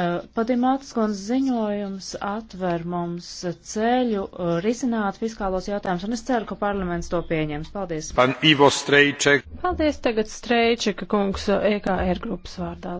Eh, Padimātas kundze ziņojums atver mums ceļu eh, risināt fiskālos jautājumus, un es ceru, ka parlaments to pieņems. Paldies. Pan Ivo Streiček. Paldies tagad Streičeka kungs EKR eh, e grupas vārdā.